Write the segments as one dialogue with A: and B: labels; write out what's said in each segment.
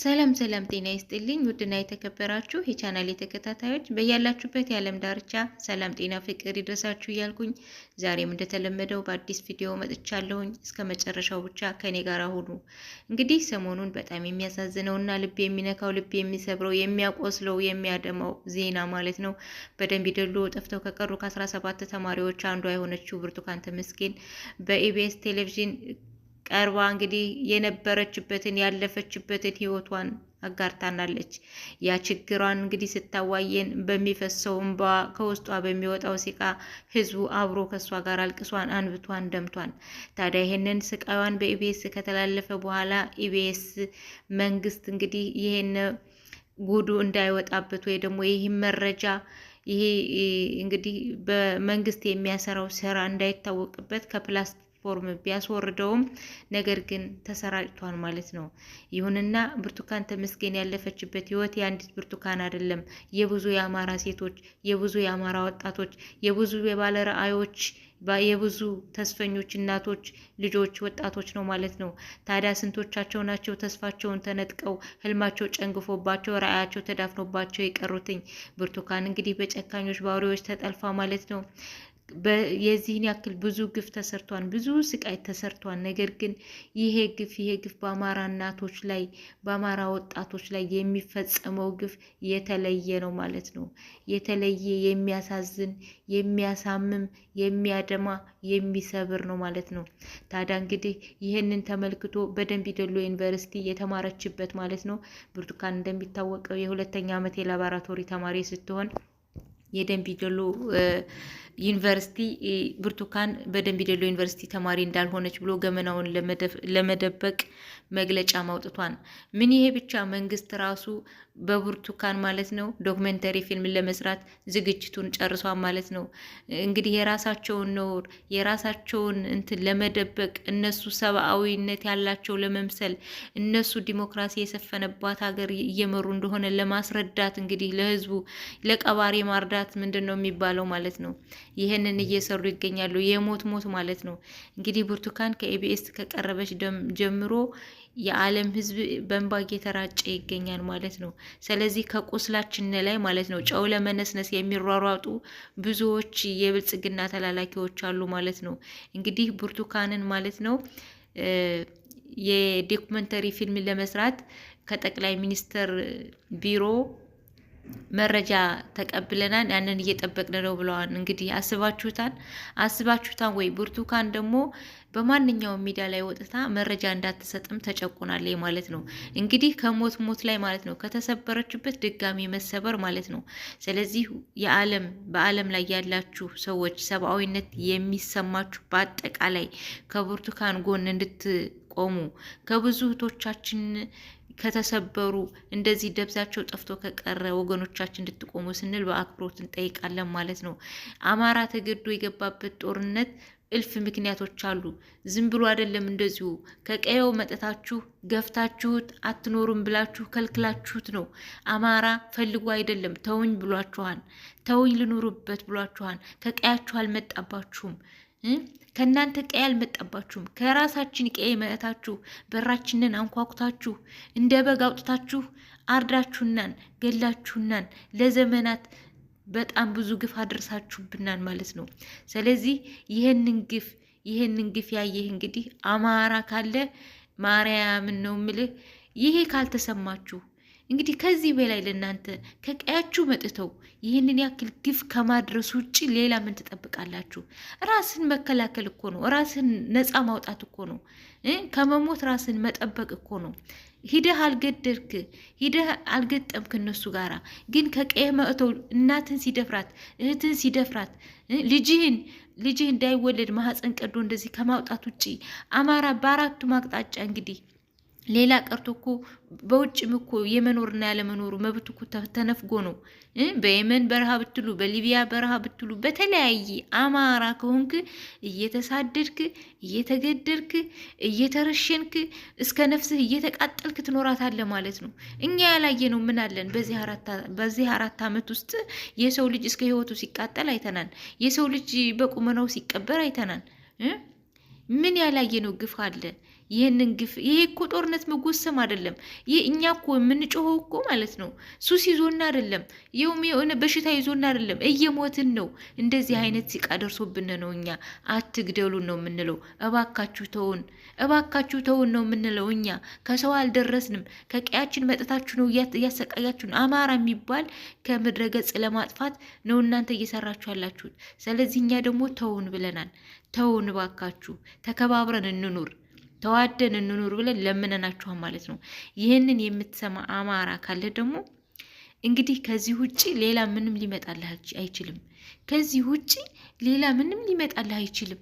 A: ሰላም ሰላም፣ ጤና ይስጥልኝ ውድና የተከበራችሁ የቻናሌ ተከታታዮች በያላችሁበት የዓለም ዳርቻ ሰላም፣ ጤና፣ ፍቅር ይድረሳችሁ እያልኩኝ ዛሬም እንደተለመደው በአዲስ ቪዲዮ መጥቻለሁኝ። እስከ መጨረሻው ብቻ ከኔ ጋር ሁኑ። እንግዲህ ሰሞኑን በጣም የሚያሳዝነውና ልብ የሚነካው ልብ የሚሰብረው የሚያቆስለው የሚያደማው ዜና ማለት ነው በደንብ ዶሎ ጠፍተው ከቀሩ ከ17 ተማሪዎች አንዷ የሆነችው ብርቱካን ተመስገን በኢቢኤስ ቴሌቪዥን ቀርባ እንግዲህ የነበረችበትን ያለፈችበትን ህይወቷን አጋርታናለች። ያ ችግሯን እንግዲህ ስታዋየን በሚፈሰው እንባ ከውስጧ በሚወጣው ሲቃ ህዝቡ አብሮ ከእሷ ጋር አልቅሷን፣ አንብቷን፣ ደምቷን። ታዲያ ይሄንን ስቃዋን በኢቢኤስ ከተላለፈ በኋላ ኢቢኤስ መንግስት እንግዲህ ይሄን ጉዱ እንዳይወጣበት ወይ ደግሞ ይህ መረጃ ይሄ እንግዲህ በመንግስት የሚያሰራው ስራ እንዳይታወቅበት ከፕላስ ፎርም ቢያስወርደውም ነገር ግን ተሰራጭቷል ማለት ነው። ይሁንና ብርቱካን ተመስገን ያለፈችበት ህይወት የአንዲት ብርቱካን አይደለም። የብዙ የአማራ ሴቶች፣ የብዙ የአማራ ወጣቶች፣ የብዙ የባለ ረአዮች የብዙ ተስፈኞች እናቶች፣ ልጆች፣ ወጣቶች ነው ማለት ነው። ታዲያ ስንቶቻቸው ናቸው ተስፋቸውን ተነጥቀው ህልማቸው ጨንግፎባቸው ረአያቸው ተዳፍኖባቸው የቀሩትኝ? ብርቱካን እንግዲህ በጨካኞች ባውሬዎች ተጠልፋ ማለት ነው የዚህን ያክል ብዙ ግፍ ተሰርቷን፣ ብዙ ስቃይ ተሰርቷን። ነገር ግን ይሄ ግፍ ይሄ ግፍ በአማራ እናቶች ላይ በአማራ ወጣቶች ላይ የሚፈጸመው ግፍ የተለየ ነው ማለት ነው። የተለየ የሚያሳዝን፣ የሚያሳምም፣ የሚያደማ፣ የሚሰብር ነው ማለት ነው። ታዲያ እንግዲህ ይህንን ተመልክቶ በደንብ ደሎ ዩኒቨርሲቲ የተማረችበት ማለት ነው ብርቱካን እንደሚታወቀው የሁለተኛ ዓመት የላቦራቶሪ ተማሪ ስትሆን የደንቢ ዶሎ ዩኒቨርሲቲ ብርቱካን በደንብ ደሎ ዩኒቨርሲቲ ተማሪ እንዳልሆነች ብሎ ገመናውን ለመደበቅ መግለጫ ማውጥቷን ምን ይሄ ብቻ መንግስት ራሱ በብርቱካን ማለት ነው ዶክመንተሪ ፊልም ለመስራት ዝግጅቱን ጨርሷን ማለት ነው። እንግዲህ የራሳቸውን ነውር የራሳቸውን እንትን ለመደበቅ እነሱ ሰብአዊነት ያላቸው ለመምሰል እነሱ ዲሞክራሲ የሰፈነባት ሀገር እየመሩ እንደሆነ ለማስረዳት እንግዲህ ለህዝቡ ለቀባሪ ማርዳት ምንድን ነው የሚባለው ማለት ነው። ይህንን እየሰሩ ይገኛሉ። የሞት ሞት ማለት ነው። እንግዲህ ብርቱካን ከኢቢኤስ ከቀረበች ጀምሮ የዓለም ሕዝብ በእንባ እየተራጨ ይገኛል ማለት ነው። ስለዚህ ከቁስላችን ላይ ማለት ነው ጨው ለመነስነስ የሚሯሯጡ ብዙዎች የብልጽግና ተላላኪዎች አሉ ማለት ነው። እንግዲህ ብርቱካንን ማለት ነው የዶክመንተሪ ፊልም ለመስራት ከጠቅላይ ሚኒስትር ቢሮ መረጃ ተቀብለናል፣ ያንን እየጠበቅን ነው ብለዋል። እንግዲህ አስባችሁታን አስባችሁታን ወይ ብርቱካን ደግሞ በማንኛውም ሚዲያ ላይ ወጥታ መረጃ እንዳትሰጥም ተጨቁናለች ማለት ነው። እንግዲህ ከሞት ሞት ላይ ማለት ነው፣ ከተሰበረችበት ድጋሚ መሰበር ማለት ነው። ስለዚህ የዓለም በዓለም ላይ ያላችሁ ሰዎች ሰብአዊነት የሚሰማችሁ በአጠቃላይ ከብርቱካን ጎን እንድትቆሙ ከብዙ እህቶቻችን ከተሰበሩ እንደዚህ ደብዛቸው ጠፍቶ ከቀረ ወገኖቻችን እንድትቆሙ ስንል በአክብሮት እንጠይቃለን ማለት ነው። አማራ ተገዶ የገባበት ጦርነት እልፍ ምክንያቶች አሉ። ዝም ብሎ አይደለም። እንደዚሁ ከቀየው መጠታችሁ ገፍታችሁት አትኖሩም ብላችሁ ከልክላችሁት ነው። አማራ ፈልጎ አይደለም፣ ተውኝ ብሏችኋል። ተውኝ ልኑሩበት ብሏችኋል። ከቀያችሁ አልመጣባችሁም። ከእናንተ ቀይ አልመጣባችሁም። ከራሳችን ቀይ መታችሁ በራችንን አንኳኩታችሁ እንደ በግ አውጥታችሁ አርዳችሁናን፣ ገላችሁናን ለዘመናት በጣም ብዙ ግፍ አድርሳችሁብናን ማለት ነው። ስለዚህ ይህንን ግፍ ይህንን ግፍ ያየህ እንግዲህ አማራ ካለ ማርያምን ነው ምልህ። ይሄ ካልተሰማችሁ እንግዲህ ከዚህ በላይ ለእናንተ ከቀያችሁ መጥተው ይህንን ያክል ግፍ ከማድረስ ውጭ ሌላ ምን ትጠብቃላችሁ? ራስን መከላከል እኮ ነው። ራስን ነፃ ማውጣት እኮ ነው። ከመሞት ራስን መጠበቅ እኮ ነው። ሂደህ አልገደልክ፣ ሂደህ አልገጠምክ እነሱ ጋራ ግን ከቀየ መእተው እናትን ሲደፍራት፣ እህትን ሲደፍራት፣ ልጅህን ልጅህ እንዳይወለድ ማህፀን ቀዶ እንደዚህ ከማውጣት ውጭ አማራ በአራቱም አቅጣጫ እንግዲህ ሌላ ቀርቶ እኮ በውጭም እኮ የመኖርና ያለመኖሩ መብት እኮ ተነፍጎ ነው። በየመን በረሃ ብትሉ፣ በሊቢያ በረሃ ብትሉ፣ በተለያየ አማራ ከሆንክ እየተሳደድክ እየተገደልክ እየተረሸንክ እስከ ነፍስህ እየተቃጠልክ ትኖራታለህ ማለት ነው። እኛ ያላየ ነው ምን አለን? በዚህ አራት ዓመት ውስጥ የሰው ልጅ እስከ ህይወቱ ሲቃጠል አይተናል። የሰው ልጅ በቁመናው ሲቀበር አይተናል። ምን ያላየ ነው ግፍ አለን? ይህንን ግፍ ይሄ እኮ ጦርነት መጎሰም አይደለም። ይህ እኛ እኮ የምንጮኸው እኮ ማለት ነው ሱስ ይዞና አይደለም፣ ይኸውም የሆነ በሽታ ይዞና አይደለም፣ እየሞትን ነው። እንደዚህ አይነት ሲቃ ደርሶብን ነው። እኛ አትግደሉን ነው የምንለው። እባካችሁ ተውን፣ እባካችሁ ተውን ነው የምንለው። እኛ ከሰው አልደረስንም። ከቀያችን መጠታችሁ ነው እያሰቃያችሁን። አማራ የሚባል ከምድረ ገጽ ለማጥፋት ነው እናንተ እየሰራችሁ ያላችሁት። ስለዚህ እኛ ደግሞ ተውን ብለናል። ተውን እባካችሁ፣ ተከባብረን እንኑር። ተዋደን እንኑር ብለን ለምነናችኋ ማለት ነው። ይህንን የምትሰማ አማራ ካለ ደግሞ እንግዲህ ከዚህ ውጭ ሌላ ምንም ሊመጣልህ አይችልም። ከዚህ ውጭ ሌላ ምንም ሊመጣልህ አይችልም።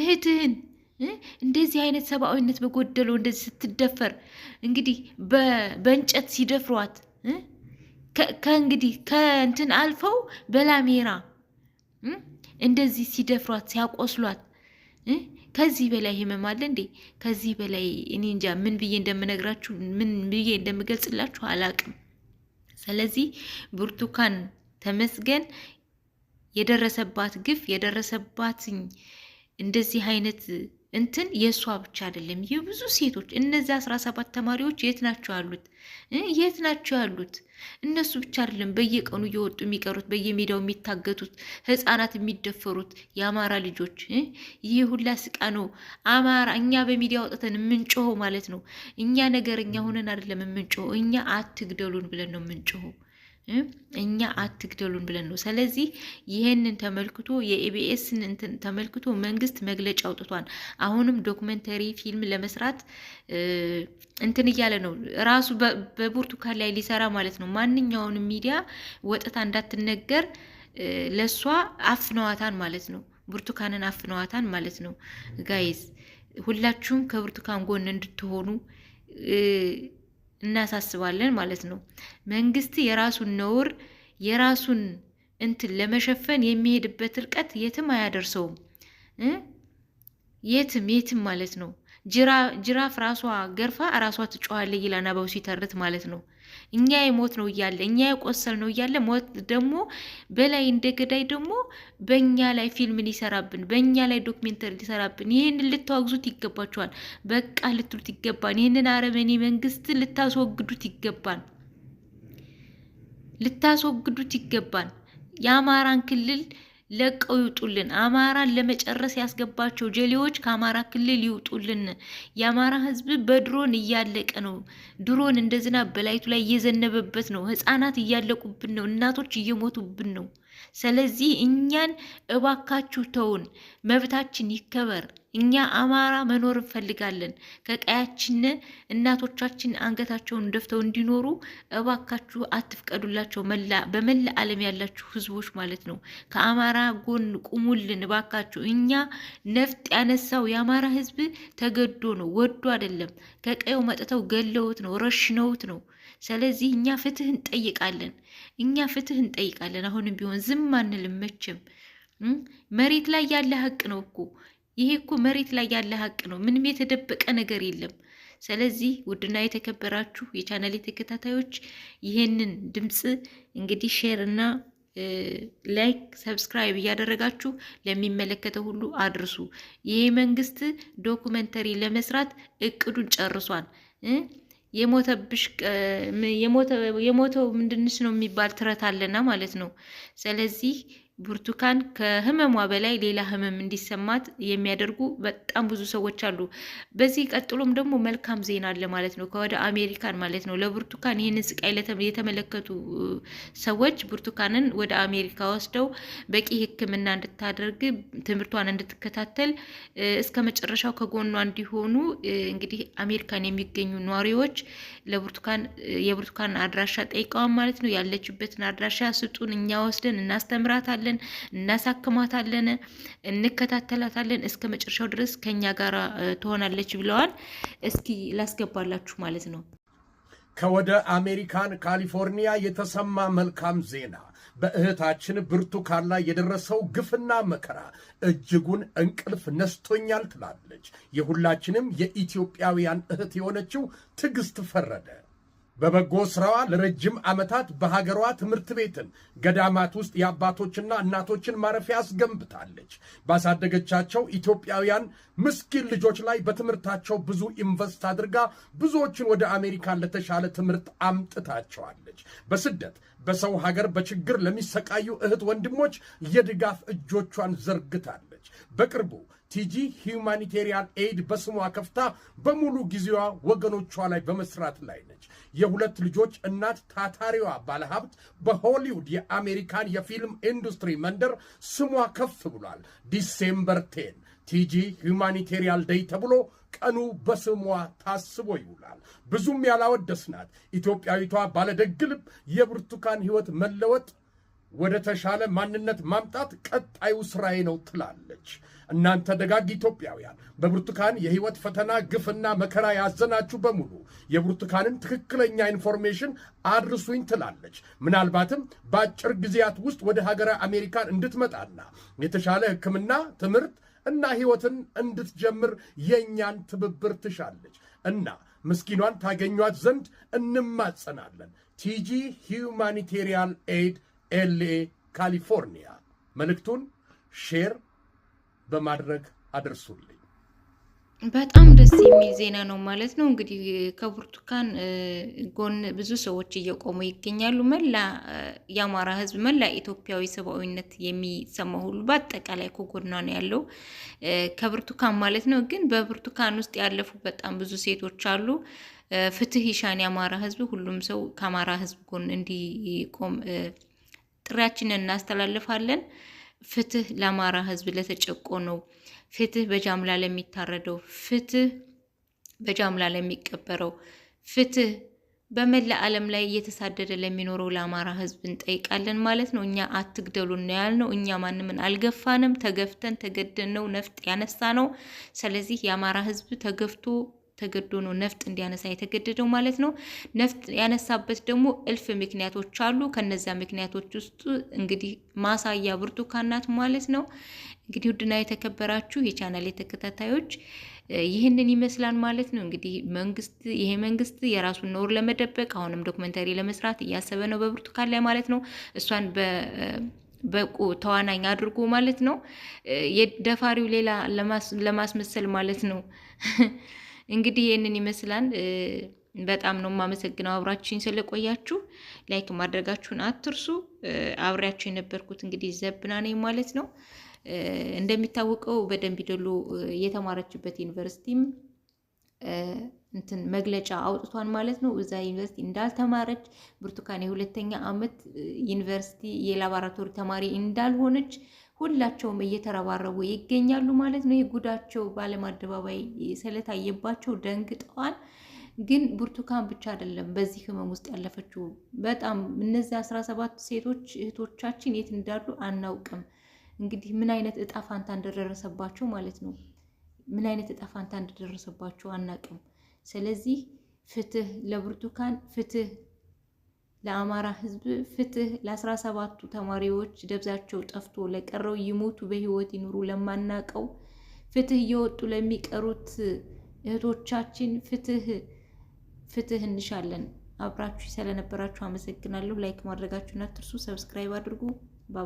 A: እህትህን እንደዚህ አይነት ሰብአዊነት በጎደለው እንደዚህ ስትደፈር እንግዲህ በእንጨት ሲደፍሯት ከእንግዲህ ከእንትን አልፈው በላሜራ እንደዚህ ሲደፍሯት ሲያቆስሏት ከዚህ በላይ ህመም አለ እንዴ? ከዚህ በላይ እኔ እንጃ ምን ብዬ እንደምነግራችሁ ምን ብዬ እንደምገልጽላችሁ አላቅም። ስለዚህ ብርቱካን ተመስገን የደረሰባት ግፍ የደረሰባት እንደዚህ አይነት እንትን የእሷ ብቻ አይደለም የብዙ ሴቶች እነዚህ አስራ ሰባት ተማሪዎች የት ናቸው ያሉት? የት ናቸው ያሉት? እነሱ ብቻ አይደለም በየቀኑ እየወጡ የሚቀሩት በየሜዳው የሚታገቱት ህፃናት የሚደፈሩት የአማራ ልጆች ይህ ሁላ ስቃ ነው። አማራ እኛ በሚዲያ ወጥተን የምንጮኸው ማለት ነው። እኛ ነገረኛ ሆነን አይደለም የምንጮኸው፣ እኛ አትግደሉን ብለን ነው የምንጮኸው። እኛ አትግደሉን ብለን ነው። ስለዚህ ይህንን ተመልክቶ የኢቢኤስን እንትን ተመልክቶ መንግስት መግለጫ አውጥቷል። አሁንም ዶክመንተሪ ፊልም ለመስራት እንትን እያለ ነው ራሱ በብርቱካን ላይ ሊሰራ ማለት ነው። ማንኛውን ሚዲያ ወጥታ እንዳትነገር ለእሷ አፍነዋታን ማለት ነው። ብርቱካንን አፍነዋታን ማለት ነው። ጋይዝ ሁላችሁም ከብርቱካን ጎን እንድትሆኑ እናሳስባለን ማለት ነው። መንግስት የራሱን ነውር የራሱን እንትን ለመሸፈን የሚሄድበት እርቀት የትም አያደርሰውም። የትም የትም ማለት ነው። ጅራፍ ራሷ ገርፋ ራሷ ትጮኋለች ይላል ናባው ሲተርት ማለት ነው። እኛ የሞት ነው እያለ እኛ የቆሰል ነው እያለ ሞት ደግሞ በላይ እንደ ገዳይ ደግሞ በእኛ ላይ ፊልም ሊሰራብን በእኛ ላይ ዶክሜንተሪ ሊሰራብን፣ ይህን ልታወግዙት ይገባችኋል። በቃ ልትሉት ይገባል። ይህንን አረመኔ መንግስት ልታስወግዱት ይገባል። ልታስወግዱት ይገባል። የአማራን ክልል ለቀው ይውጡልን። አማራን ለመጨረስ ያስገባቸው ጀሌዎች ከአማራ ክልል ይውጡልን። የአማራ ሕዝብ በድሮን እያለቀ ነው። ድሮን እንደ ዝናብ በላይቱ ላይ እየዘነበበት ነው። ህጻናት እያለቁብን ነው። እናቶች እየሞቱብን ነው። ስለዚህ እኛን እባካችሁ ተውን፣ መብታችን ይከበር። እኛ አማራ መኖር እንፈልጋለን። ከቀያችን እናቶቻችን አንገታቸውን ደፍተው እንዲኖሩ እባካችሁ አትፍቀዱላቸው። በመላ ዓለም ያላችሁ ህዝቦች ማለት ነው፣ ከአማራ ጎን ቁሙልን እባካችሁ። እኛ ነፍጥ ያነሳው የአማራ ህዝብ ተገዶ ነው፣ ወዶ አይደለም። ከቀየው መጥተው ገለውት ነው፣ ረሽነውት ነው። ስለዚህ እኛ ፍትህ እንጠይቃለን፣ እኛ ፍትህ እንጠይቃለን። አሁንም ቢሆን ዝም አንልም መቼም። መሬት ላይ ያለ ሀቅ ነው እኮ ይሄ እኮ መሬት ላይ ያለ ሀቅ ነው። ምንም የተደበቀ ነገር የለም። ስለዚህ ውድና የተከበራችሁ የቻናሌ ተከታታዮች ይሄንን ድምፅ እንግዲህ ሼር እና ላይክ ሰብስክራይብ እያደረጋችሁ ለሚመለከተው ሁሉ አድርሱ። ይሄ መንግስት ዶኩመንተሪ ለመስራት እቅዱን ጨርሷል። የሞተብሽ የሞተው ምንድንሽ ነው የሚባል ትረት አለና ማለት ነው። ስለዚህ ብርቱካን ከህመሟ በላይ ሌላ ህመም እንዲሰማት የሚያደርጉ በጣም ብዙ ሰዎች አሉ። በዚህ ቀጥሎም ደግሞ መልካም ዜና አለ ማለት ነው፣ ከወደ አሜሪካን ማለት ነው። ለብርቱካን ይህንን ስቃይ የተመለከቱ ሰዎች ብርቱካንን ወደ አሜሪካ ወስደው በቂ ሕክምና እንድታደርግ ትምህርቷን እንድትከታተል እስከ መጨረሻው ከጎኗ እንዲሆኑ እንግዲህ አሜሪካን የሚገኙ ነዋሪዎች ለብርቱካን የብርቱካን አድራሻ ጠይቀዋን ማለት ነው። ያለችበትን አድራሻ ስጡን፣ እኛ ወስደን እናስተምራታለን እናያታለን፣ እናሳክማታለን፣ እንከታተላታለን እስከ መጨረሻው ድረስ ከኛ ጋር ትሆናለች ብለዋል። እስኪ ላስገባላችሁ ማለት ነው።
B: ከወደ አሜሪካን ካሊፎርኒያ የተሰማ መልካም ዜና በእህታችን ብርቱካን ላይ የደረሰው ግፍና መከራ እጅጉን እንቅልፍ ነስቶኛል ትላለች የሁላችንም የኢትዮጵያውያን እህት የሆነችው ትዕግስት ፈረደ። በበጎ ስራዋ ለረጅም ዓመታት በሀገሯ ትምህርት ቤትን፣ ገዳማት ውስጥ የአባቶችና እናቶችን ማረፊያ አስገንብታለች። ባሳደገቻቸው ኢትዮጵያውያን ምስኪን ልጆች ላይ በትምህርታቸው ብዙ ኢንቨስት አድርጋ ብዙዎችን ወደ አሜሪካን ለተሻለ ትምህርት አምጥታቸዋለች። በስደት በሰው ሀገር በችግር ለሚሰቃዩ እህት ወንድሞች የድጋፍ እጆቿን ዘርግታለች። በቅርቡ ቲጂ ሂውማኒቴሪያን ኤድ በስሟ ከፍታ በሙሉ ጊዜዋ ወገኖቿ ላይ በመስራት ላይ ነች። የሁለት ልጆች እናት ታታሪዋ ባለሀብት በሆሊውድ የአሜሪካን የፊልም ኢንዱስትሪ መንደር ስሟ ከፍ ብሏል። ዲሴምበር ቴን ቲጂ ሂውማኒቴሪያን ደይ ተብሎ ቀኑ በስሟ ታስቦ ይውላል። ብዙም ያላወደስናት ኢትዮጵያዊቷ ባለደግልብ የብርቱካን ሕይወት መለወጥ ወደ ተሻለ ማንነት ማምጣት ቀጣዩ ስራዬ ነው ትላለች። እናንተ ደጋግ ኢትዮጵያውያን በብርቱካን የህይወት ፈተና ግፍና መከራ ያዘናችሁ በሙሉ የብርቱካንን ትክክለኛ ኢንፎርሜሽን አድርሱኝ ትላለች። ምናልባትም በአጭር ጊዜያት ውስጥ ወደ ሀገረ አሜሪካን እንድትመጣና የተሻለ ሕክምና፣ ትምህርት እና ህይወትን እንድትጀምር የእኛን ትብብር ትሻለች እና ምስኪኗን ታገኟት ዘንድ እንማጸናለን። ቲጂ ሂዩማኒቴሪያን ኤድ ኤልኤ ካሊፎርኒያ። መልእክቱን ሼር በማድረግ አድርሱልኝ።
A: በጣም ደስ የሚል ዜና ነው ማለት ነው። እንግዲህ ከብርቱካን ጎን ብዙ ሰዎች እየቆሙ ይገኛሉ። መላ የአማራ ሕዝብ፣ መላ ኢትዮጵያዊ ሰብአዊነት የሚሰማ ሁሉ በአጠቃላይ ከጎኗ ነው ያለው ከብርቱካን ማለት ነው። ግን በብርቱካን ውስጥ ያለፉ በጣም ብዙ ሴቶች አሉ። ፍትህ ይሻን የአማራ ሕዝብ፣ ሁሉም ሰው ከአማራ ሕዝብ ጎን እንዲቆም ጥሪያችንን እናስተላልፋለን። ፍትህ ለአማራ ህዝብ ለተጨቆነው፣ ፍትህ በጃምላ ለሚታረደው፣ ፍትህ በጃምላ ለሚቀበረው፣ ፍትህ በመላ ዓለም ላይ እየተሳደደ ለሚኖረው ለአማራ ህዝብ እንጠይቃለን ማለት ነው። እኛ አትግደሉን ነው ያልነው። እኛ ማንምን አልገፋንም። ተገፍተን ተገደን ነው ነፍጥ ያነሳ ነው። ስለዚህ የአማራ ህዝብ ተገፍቶ ተገዶ ነው ነፍጥ እንዲያነሳ የተገደደው ማለት ነው። ነፍጥ ያነሳበት ደግሞ እልፍ ምክንያቶች አሉ። ከነዚያ ምክንያቶች ውስጥ እንግዲህ ማሳያ ብርቱካን ናት ማለት ነው። እንግዲህ ውድና የተከበራችሁ የቻናል ተከታታዮች ይህንን ይመስላል ማለት ነው። እንግዲህ መንግስት ይሄ መንግስት የራሱን ኖር ለመደበቅ አሁንም ዶክመንተሪ ለመስራት እያሰበ ነው በብርቱካን ላይ ማለት ነው። እሷን በቁ ተዋናኝ አድርጎ ማለት ነው። የደፋሪው ሌላ ለማስመሰል ማለት ነው። እንግዲህ ይህንን ይመስላል። በጣም ነው የማመሰግነው አብራችሁኝ ስለቆያችሁ። ላይክ ማድረጋችሁን አትርሱ። አብሬያችሁ የነበርኩት እንግዲህ ዘብና ነኝ ማለት ነው። እንደሚታወቀው በደንብ ደሎ የተማረችበት ዩኒቨርሲቲም እንትን መግለጫ አውጥቷን ማለት ነው። እዛ ዩኒቨርሲቲ እንዳልተማረች ብርቱካን የሁለተኛ ዓመት ዩኒቨርሲቲ የላቦራቶሪ ተማሪ እንዳልሆነች ሁላቸውም እየተረባረቡ ይገኛሉ ማለት ነው። የጉዳቸው በዓለም አደባባይ ስለታየባቸው ደንግጠዋል። ግን ብርቱካን ብቻ አይደለም በዚህ ህመም ውስጥ ያለፈችው። በጣም እነዚህ አስራ ሰባት ሴቶች እህቶቻችን የት እንዳሉ አናውቅም። እንግዲህ ምን አይነት እጣ ፋንታ እንደደረሰባቸው ማለት ነው። ምን አይነት እጣ ፋንታ እንደደረሰባቸው አናውቅም። ስለዚህ ፍትህ ለብርቱካን ፍትህ ለአማራ ህዝብ ፍትህ ለአስራ ሰባቱ ተማሪዎች ደብዛቸው ጠፍቶ ለቀረው ይሞቱ በህይወት ይኑሩ ለማናቀው ፍትህ እየወጡ ለሚቀሩት እህቶቻችን ፍትህ ፍትህ እንሻለን። አብራችሁ ስለነበራችሁ አመሰግናለሁ። ላይክ ማድረጋችሁን አትርሱ። ሰብስክራይብ አድርጉ።